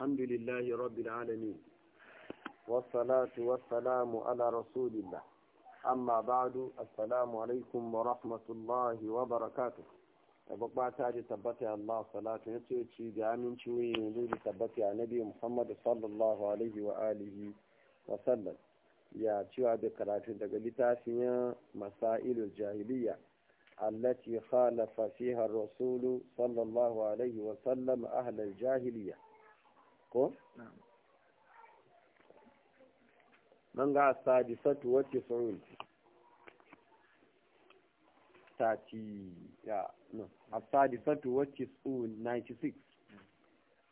الحمد لله رب العالمين والصلاة والسلام على رسول الله أما بعد السلام عليكم ورحمة الله وبركاته أبقى تاجي تبتي الله صلاة نتوتي بعمل شوي ولود تبتي على نبي محمد صلى الله عليه وآله وسلم يا تشوى بكراتي دقلتا فيها مسائل الجاهلية التي خالف فيها الرسول صلى الله عليه وسلم أهل الجاهلية ko nan ga sadi satu wa sun tati ya no satu wa sun 96 mm.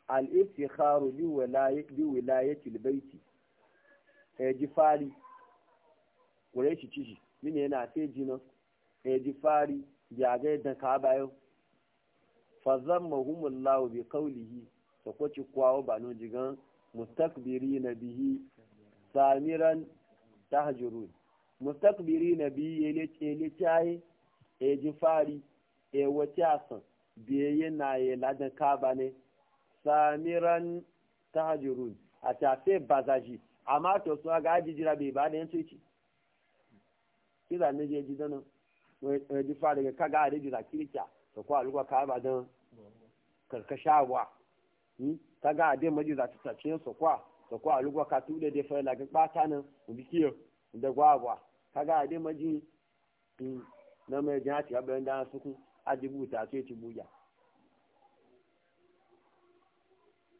al-istikharu li wilayati li wilayati al-bayti eji fari kure shi ciki mine yana teji nan eji fari ya ga da ka bayo fa zammahumullahu bi qawlihi so ko ci kwawo ba no jigan mustakbiri na bihi samiran ta tahjurun mustakbiri na bihi ele ele chai e ji fari e wace asan biye na yi ladan kaba ne samiran tahjurun a tafe bazaji amma to sun ga aji jira bai ba da yansu ci kila ne je ji dana wai ji fara ga kaga aji jira kirkiya to ko a lugwa kaba dan karkashawa Hmm? ta ga adin maji za ta tace su kwa su kwa lugwa ka tu da fa la ga bata nan mu bi kiyo da gwagwa ta ga adin maji hmm, na mai jin hati ga bayan da su ku ajibu ta ce ci buja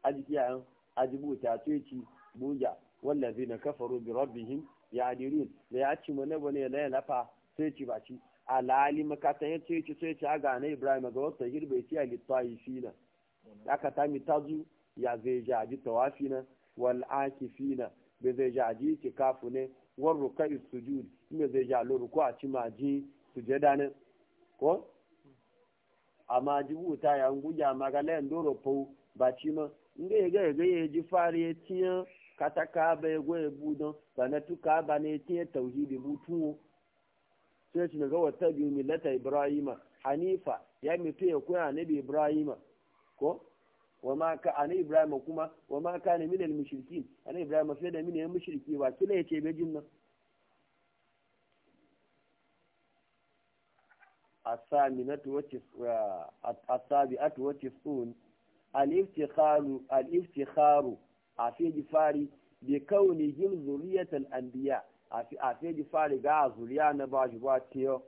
ajiya ajibu ta ce ci buja wallazina kafaru bi rabbihim yadirun da ya ci mana bane la lafa sai ci baci alali makatan ya ce ci sai ci aga na ibrahim ga wata girbe ci a littafi fina aka ta tazu ya zai jaji tawafi na wal akifi na bai zai jaji ki kafu ne war ruka sujud bai zai jalo ruku a ji maji sujada ne ko amma jibuta ya nguya magala yan doro pau ba ci inda ya ga ya ga ya ji fari ya tiya kata ka ba ya goya budon ba na tuka ba ne tiya tauhidi butuwo sai shi ga wata biyu milata ibrahima hanifa ya mutu ya koya nabi ibrahima ko wama ka ana ibrahim kuma wama ka ne minal mushrikin ana ibrahim sai da minal mushriki ba kila yace be jin nan asaminatu wa tisra asabiatu wa tisun al-iftikharu al-iftikharu afi jifari bi kaunihim zuriyatul anbiya afi afi jifari ga zuriya na ba shi ba tiyo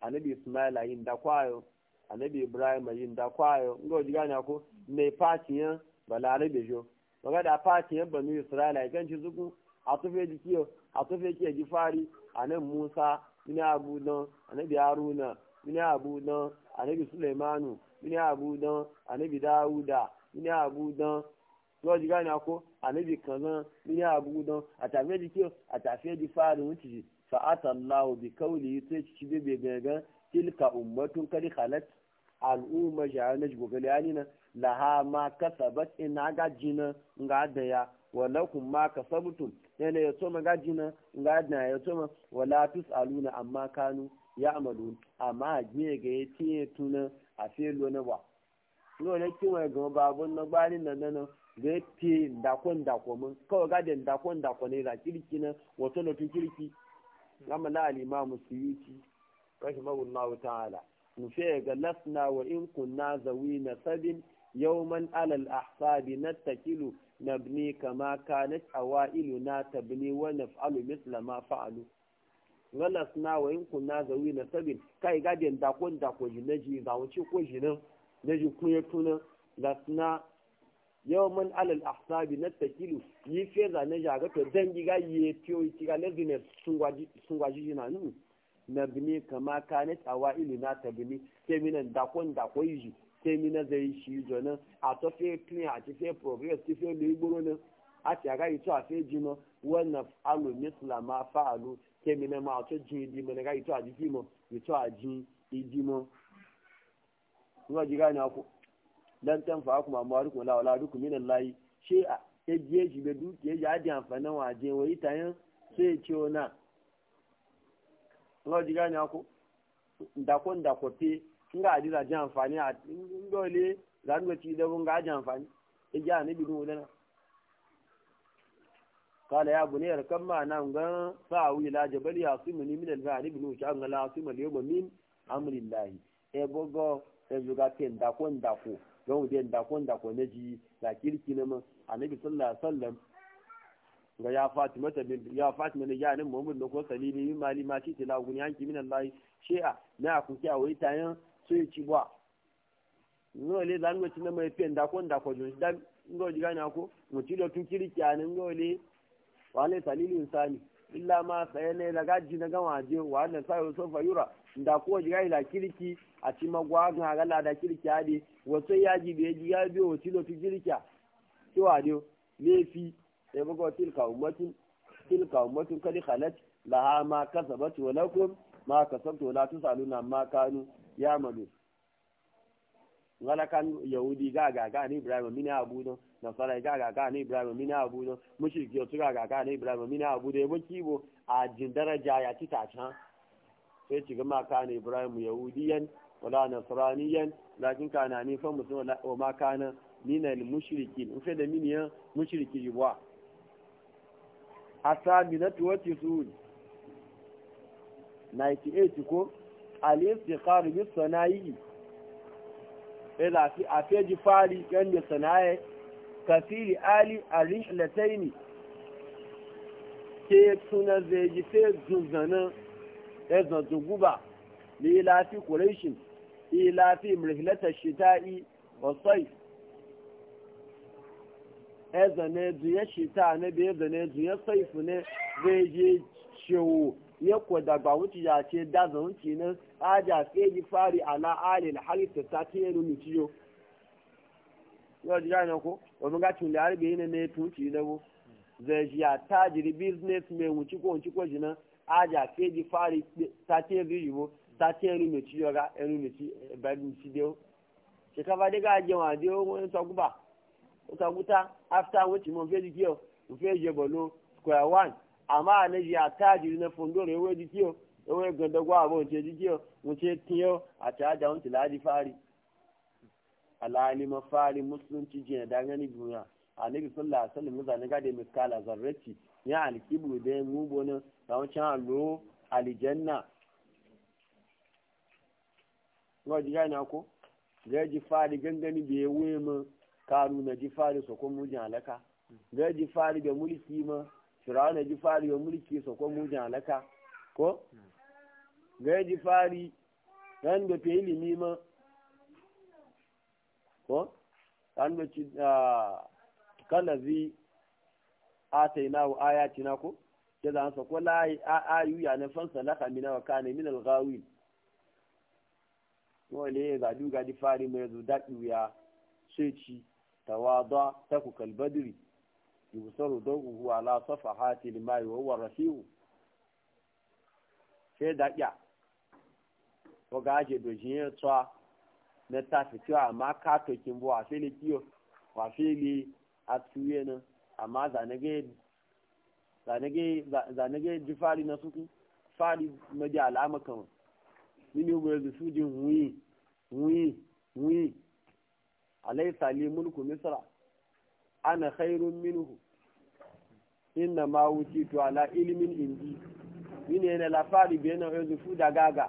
annabi ismaila yin da kwayo annabi ibrahim yin da kwayo ngo ji gane ko ne balare balarabe jo maga da yan banu isra'ila ikan ci zuku a tufe jikiyo a tufe ke ji fari nan musa ina abu don annabi haruna ina abu don annabi sulaimanu ina abu don annabi dawuda ina abu don ngo ji gane ako annabi kazan ina abu don a tafe jikiyo a tafiye ji fari wuce fa'atallahu bi kauli sai ci bebe gaga tilka ummatun kadi khalat al'umma jihar na jigogale ya nina laha ma kasabat in gaji na nga da ya wala kun ma kasabtum yana ya gaji na nga da ya wala aluna amma kanu ya amalu amma je ga ya tiye tuna a felo na ba no ne kiwa ga babun na gbani na nan ga ti dakon dakon mun kawai gadin dakon dakon ne la kirki na wato na kirki amma la al suyuti rahimahullahu ta'ala nufe ga lasna wa in kunna zawi nasabin yawman alal ahsabi nattakilu nabni kama kanat awailuna tabni wa naf'alu misla ma fa'alu lasna wa in kunna zawi nasabin kai gadin da kun da ko jinaji za wuce ko jinan naji kuye tuna lasna yawman alal ahsabi takilu yi feza na jaga to dangi ga yi tiyo tiga lazina sungwaji sungwaji jinanu nabni kama tawa ili na tabni keminan dakon dakon ji kemina zai shi jonan a to fe clean a ti fe progress ti fe lo igboro na a ti aga ito a fe jino wannan alu misla ma fa'alu kemina ma a to idi idimo na ga ito a jiki mo ito a jin idimo kuma ji gane ku dan tan fa kuma amma ruku la wala ruku min Allah shi a ejiye shi be dukiye ya ji amfanin waje wai tayin sai e ce na nga ji gane ko ndako ndako pe nga adi za ji amfani a dole za nuna ci da nga aji amfani e ji ani bi dun wulana kala ya bune yar kan ma nan ga sa'awi la jabal ya simuni min al ba'd ibn sha'an la simal yawma min amrillah e bogo e zuga te ndako ndako don de ndako ndako ne ji la kirki na ma annabi sallallahu alaihi wasallam ga ya fatima ta bin ya fatima ne ya muhammad da ko salimi min mali ma shi tilawu guni hanki min Allah shi'a na ku a wai tayan so ya ci ba no le zan mu na mai pen da ko da ko jun da ngo diga na ko mu ti do tun kiri ki nan ngo le wale salili insani illa ma sai ne daga ji daga je wa na sai so fa yura da ko diga ila kiriki a ci magwa ga gala da kiriki ade wato ya ji be ji ya biyo ti do tun kiri a ki wa dio lefi sai buga tilka ummatin tilka ummatin kadi khalat laha ma kasabat wa lakum ma kasabtu la tusaluna ma kanu yamalu malu ngala kan yahudi ga ga ga ni ibrahim min abu don nasara ga ga ga ni ibrahim min abu don mushriki su ga ga ga ni ibrahim min abu don yabo kibo a jin daraja ya ci tashan sai ci gama ka ni ibrahim yahudiyan wala nasraniyan lakin kana ni fa musulma wa ma kana min al mushrikin in fa da ya mushriki yibwa asaminatu wa tisun 98 ko al-istikhar bi sanayi ila fi afeji fari yanda sanaye kafiri ali ar-rihlataini ke suna zeji fe zuzana ezan zuguba ni ila fi quraish ila fi rihlatash shita'i wa sayf eze ne ya shita ne bi eze ne ya saifu ne zai je shewu ya kwadagba wuce ya ce daza wuce na aja sai fari ta ce yanu mu ciyo yau ji gane ko wani gacin da ne tuci na bu zai ji ya business ko jina aja sai fari ta ce bu ta ce yanu mu ciyo ga yanu mu ci mu ci dewo wa kaguta after which mo fẹ́ di kí o mo fẹ́ yẹ bọ̀ ló square one àmọ́ àlẹ́ yìí àtàjì ní fondoro ewé di kí o ewé gbẹdọgbọ àbọ̀ ǹṣe di kí o mo ṣe tí o àti àjà ń tìlá di fárí aláàlímọ̀ fárí muslim ti jìnnà dáńgá ní gbìyànjú àníbi sọlá sọlá mọ́tà ní káde mẹ́kálà zarrẹ́tì ní àlìkíbùrù dẹ́ mú làwọn ṣe hàn ló àlìjẹ́nà wọ́n di ká ní gẹ́gẹ́ níbi ewé mọ́. karu na ji fari so mujin alaka ga ji fari da mulki ma shirawa na ji fari da mulki so mujin alaka ko ga ji fari ran da fi ilimi ma ko ran da ci kalazi ataina wa na ko ke zan sako ko a ayu ya na fansa laka mina wa kana min al ya zaɗu ga ji fari mai zo daɗi ya sai ci tawada taku kalbadri yusaru dawu ala safahati limai wa huwa rafiu sai da ya to gaje do jiye tsa na ta fitiyo amma ka to kin bo a fili kiyo wa fili a tuye na amma zanage zanage zanage jifari na suku alama alaysa li mulku misra ana khairun minhu inna ma wutitu ala ilmin indi mine ne lafari bena yanzu fuda gaga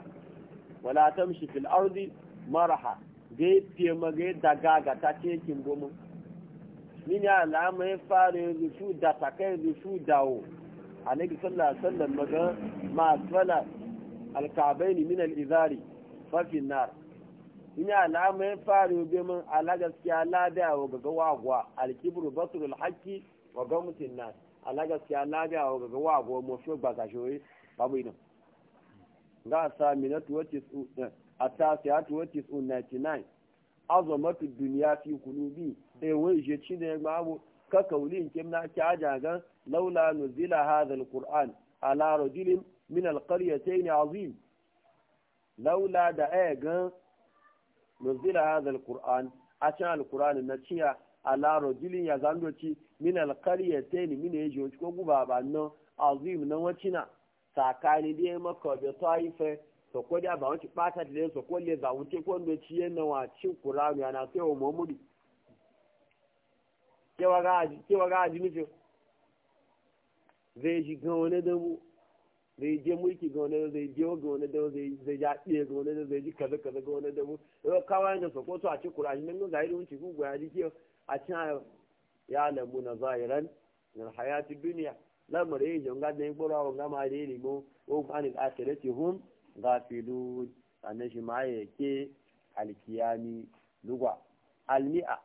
wala tamshi fil ardi maraha ge pie mage dagaga ta ce kin gomo mine ala mai fare yanzu fuda ta kai yanzu fuda o annabi sallallahu alaihi wasallam maga ma al alka'bain min al-izari fa fi nar ina alama ya fara yobe min ala gaskiya labiya wa gaga wagwa alkibru basru alhaqi wa gamtin nas ala gaskiya labiya wa gaga wagwa mo fi gbaga shoyi babu ina ga sa minatu wa tisu uh, atasiyatu wati su 99 azamatu dunya fi kulubi eh wai je ci da babu ka kaulin kim na ki aja ga laula nuzila hadha alquran ala rajulin min alqaryatayn azim laula da ay e gan nuzila hadha alquran a cikin na ciya ala rajulin ya zando ci min alqaryatayn min yajo ko guba ba nan azim na wacina sakani dai maka da taife to ko da ba wani bata da so ko le za wuce ko ndo ci cin qur'an ya na muhammadu zai je mulki ga wani zai je ga wani da zai zai ja tsiye ga wani da zai ji kaza kaza ga wani da mu yau kawai da sokoto a ci kurashi nan zai da wuce gugu ya dike a ci ya lamu na zahiran na hayati duniya lamar yin jonga da yin kura wanga ma da yin mo o an akhirati hum gafilun sannan shi ma yake alkiyami lugwa almi'a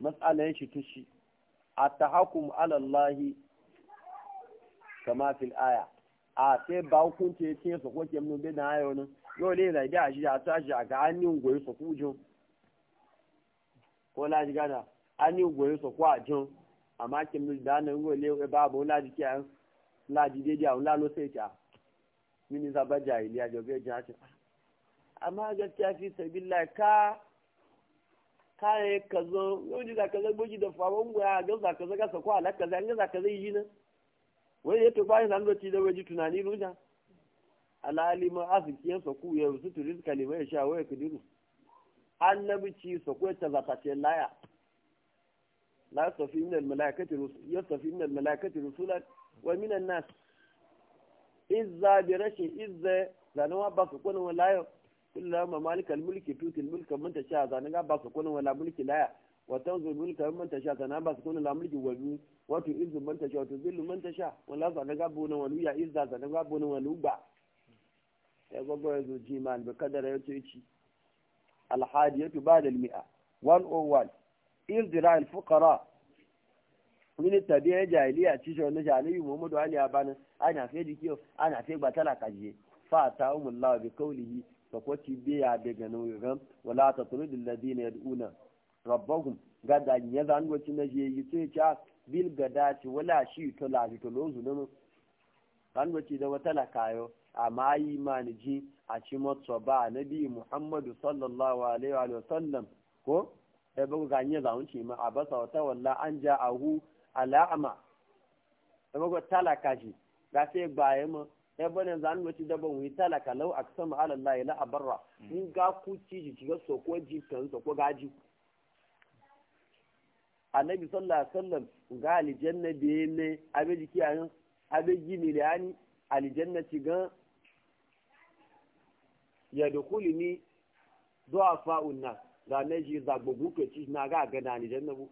mas'alan shi tushi at-tahakkum ala allahi kama fil aya a sai ba hukunci ya ce su koke mun bi na ayo nan yau ne da da shi a tashi a ga hannun goyi su kujin ko laji gana hannun goyi su kwajin amma kin mun da nan go le eh, ba bo laji ki an laji dai da wala lo sai ta mini za ba jahiliya da ga jahi amma gaskiya fi sabilillah ka kare ka zo yau ji za ka zo goji da faron goya ga za ka zo ka sako alaka za ka zai yi nan wai ya tuba yin zangoci da waje tunani ruja ma azikiyan yan ku ya rusu kalima ya sha waya kudiru ci sa ku ta ce laya la safi min malaikati rusul ya safi min malaikati rusulan wa min an nas izza bi rashi izza zanu ba su kunan layo kullama malikal mulki tutil mulka mun ta sha zanaga ba su kunu wala mulki laya watan zulmul kan man tasha kana ba su kuna lamulki walu wato izu man tasha wato zillu man tasha wala za daga bonan walu ya izza sa daga bonan walu ba ya gogo zuji man ba kadara yato yaci ba ba'da mi'a 101 izdira fuqara min tabi'a jahiliya ci shi wannan jahiliyu muhammadu ali abana ana fe dikiyo ana fe ba tana kaje fa ta'umullahu bi qawlihi fa kwati biya daga nan wala tatrudul ladina yad'una rabbahum gada ya zan goci na je yi sai ta ah, bil gada ci wala shi to la to lozu nan zan goci da wata la kayo amma yi ji a ci motso ba nabi muhammadu sallallahu alaihi wa sallam ko e bugu ga yin zan ci ma a wata walla an ja ahu ala'ama sai bugu talaka shi ga sai gbaye mu sai ne zan goci da ban wi talaka lau aksama alallahi la abarra mm. in ga ku ci ji ga ko ji kan ga ji annabi sallallahu alaihi wasallam ga aljanna biye ne abe jiki an abe gini da yani aljanna ci ga ya dukuli ni do afa unna da ne ji za ke ci na ga ga na aljanna bu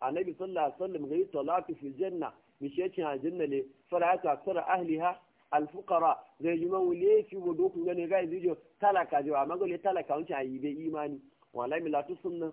annabi sallallahu alaihi wasallam ga yi talatu fil janna mi ce ci aljanna le fara ta sara ahliha alfukara da ji man wule fi wo dokun gane ga izijo talaka jo amma gole talaka wancan ayi be imani wala mi latu sunna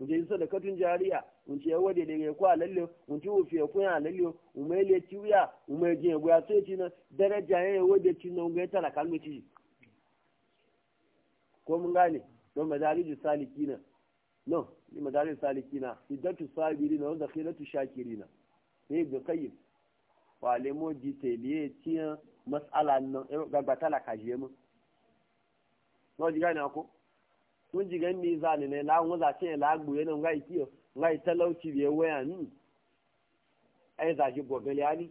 nje iso da katun jariya nje yawa da daga kwa lalle nje ufiye kuya lalle umai le tiya umai je go ya tsaye na daraja ya yawa da tin nan ga tara kalmi ci ko mun gane don madarij salikina no ni madarij salikina iddatu sabirina wa zakhiratu shakirina ne ga kayyim wa lemo di teliye tiya mas'ala nan eh, ga ta la mu no ji gane ko mun ji gan mizani ne la mun za ce la gbu yana ngai kiyo ngai talauci biye waya ni ai za ji go gele ani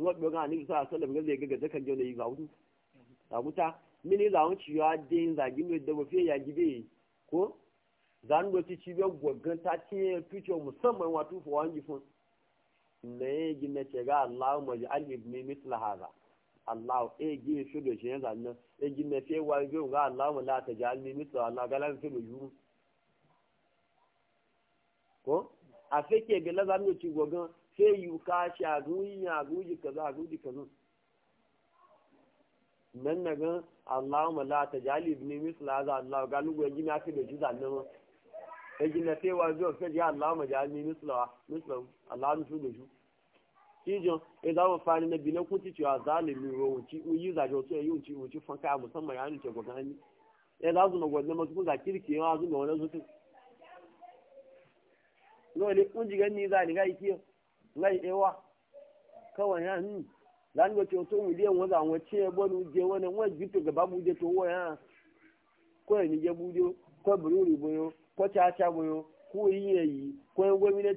ngo ga ni sa sallam ga zai ga zaka jona yi zawutu zawuta mini zawun ci ya din za gi ne da mafi ya gibe ko zan do ci ci biyo gogan ta ce future musamman wato fo wangi fun ne gi ne ce ga Allahumma Allah e gi su do shi zan e gi me fe wa gi ga Allah mu la ta jalni mi to Allah ga lan fi mu yu ko a fe ke be la zan ci gogan fe yu ka sha guyi ya guji kaza guji kaza nan na gan Allah mu la ta jali ibn misla za Allah ga lugu gi na fi do shi zan nan e gi na e fe wa gi fe ya Allah mu jalni misla misla Allah mu su do shi kijin idan mu fari na binan kunci cewa zalimi rohunci uyi zaje wasu yayi unci unci fanka musamman ya nuke gwagan hannu ya za su magwajen masu kun za kirki yawa su wani zutu lori kun ji gani za ni ga iki ngai ewa kawai ya ni za ni wace wasu miliyan waza wace ya bani je wani wani jito gaba buje to waya ko e ni je buje ko e bururi buyo ko caca buyo ko e yi yayi ko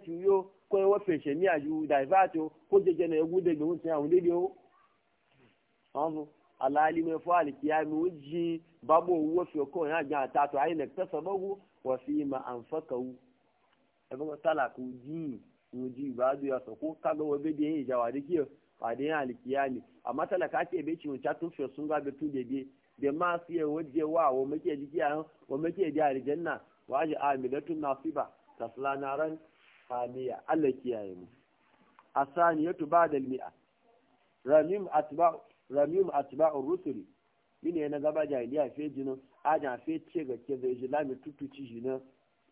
yo ko ya wafe shi ni aju da ba to ko jeje na yagu daga mun tiya o? dio azu alali me fa al kiyami wuji babu wafe ko ya ga ta to ai ne tasabahu wa fi ma anfaqahu e ba tala ku ji wuji ba du ya so ko kaga wa be de yin jawadi kiyo ba de yin al kiyami amma tala ka ce be ci tun fe sun ga be tu de be da ma su yi waje wa wa muke jiki a wa muke ji a rijanna wa ji amilatun nasiba tasla naran hamiya Allah kiyaye mu asaniyatu ba'da al-mi'a ramim atba ramim atba ar-rusul mine na gaba jahiliya fe jino aja fe ce ga ke zai jilami tutuci jino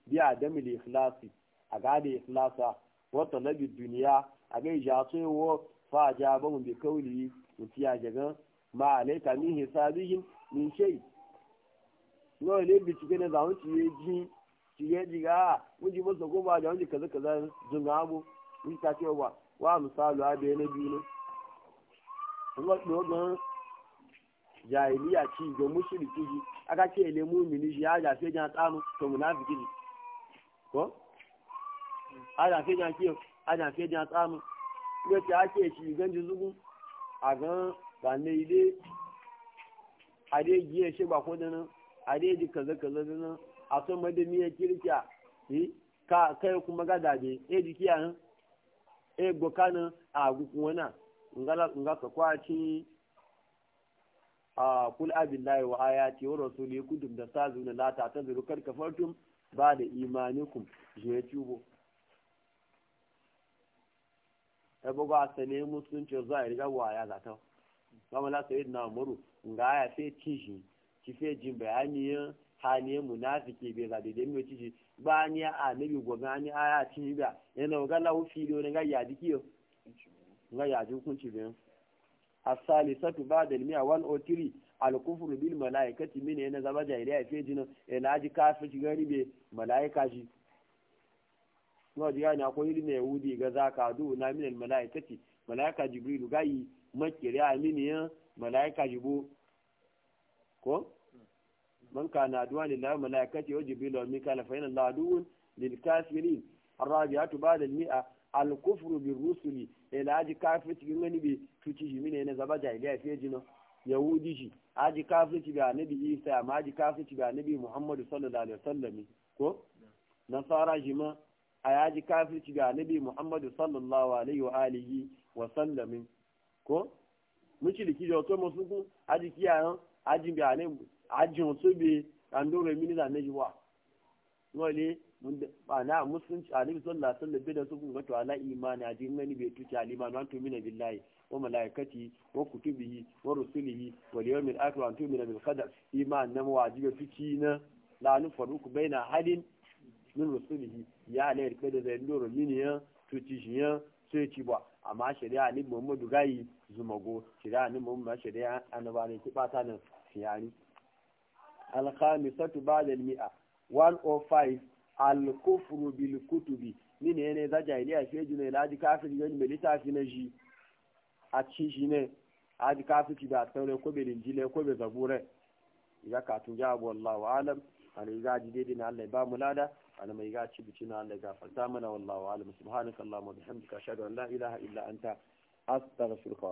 bi adami li ikhlasi a ga da ikhlasa wa talabi duniya a ga ja so wo fa ja ba mun bi kauli mutiya jagan ma alaika min hisabihim min shay no le bi cike na zaunci yi shige jiga wuji masa goma da wani kaza kaza jin ta ce wa na biyu ne kuma dogon jahiliya ci ga ji aka ce le mun ji ya jafe jan tsamu to munafiki ko a jafe jan kiyo a jan tsamu ce ake ci gan ji a gan ba ne ile a dai giye shi ba ko da nan a dai ji kaza kaza da nan a so mada miya kirkiya eh, ka kai kuma ga dabe e eh, jikiya nan e eh, gokana a gukun wana nga ka kwaci a kul abillahi wa ayati wa rasuli kudum da na la ta taziru kar kafartum ba da imanikum je tubo ta bugu a sane musulunci zuwa ya riga wa ya zata kama na sayi na nga ya fe jin bayani hali munafiki bai zabe da mai ciji ba ni a nabi gobe ni a ya ci ba yana ga lawo filo ne ga ya dikiyo ga ya ji hukunci bin as-salisatu ba'da da mia 103 al-kufru bil malaikati min yana zaba jahiliya fe jinin ila ji gari garibe malaika shi kuma ji gani akwai irin na yahudi ga zaka du na min al-malaikati malaika jibrilu yi makiriya min yan malaika jibo ko man kana aduwa lillahi malaikati wa jibril wa mikael fa inna allaha aduwwun lil kafirin arrabiatu ba'da al mi'a al kufru bi rusuli ila aji kafir cikin wani bi tuci shi mine na zaba jahiliya fiye jino yahudi shi aji kafir ci ga annabi isa amma aji kafir ci ga annabi muhammadu sallallahu alaihi wasallam ko nasara shi ma a yaji kafir ci ga annabi muhammadu sallallahu alaihi wa alihi ko muci da kijo to ku aji kiyayen ajin bi annabi ajin su bi ɗandoro mini da naji wa wale ma'ana musulunci alibi sallah sallah bi da su kun gato ala imani ajin mani bai tuce na to mina billahi wa malaikati wa kutubihi wa rusulihi wa liyawmil akhir wa antu mina bil qadar iman na wajibi tuci na la nu ku baina hadin min rusulihi ya ala irka da zai ndoro mini ya tuci shi ya sai ci ba amma shari'a ni muhammadu gayi zumago shari'a ni muhammadu shari'a annabawa ne ki bata nan siyani الخامسة بعد المئة 105 الكفر بالكتب من هنا ذا جاهلية في جنة دي كافر يجن ملتا في نجي أتشي هنا لادي كافر تبع تولي كوب الإنجيل كوب الزبور إذا كاتم جاب والله أعلم أنا إذا جديدنا على بام لادا أنا ما يقعد شبتنا على غافر تامنا والله أعلم سبحانك اللهم وبحمدك أشهد أن لا إله إلا أنت أستغفرك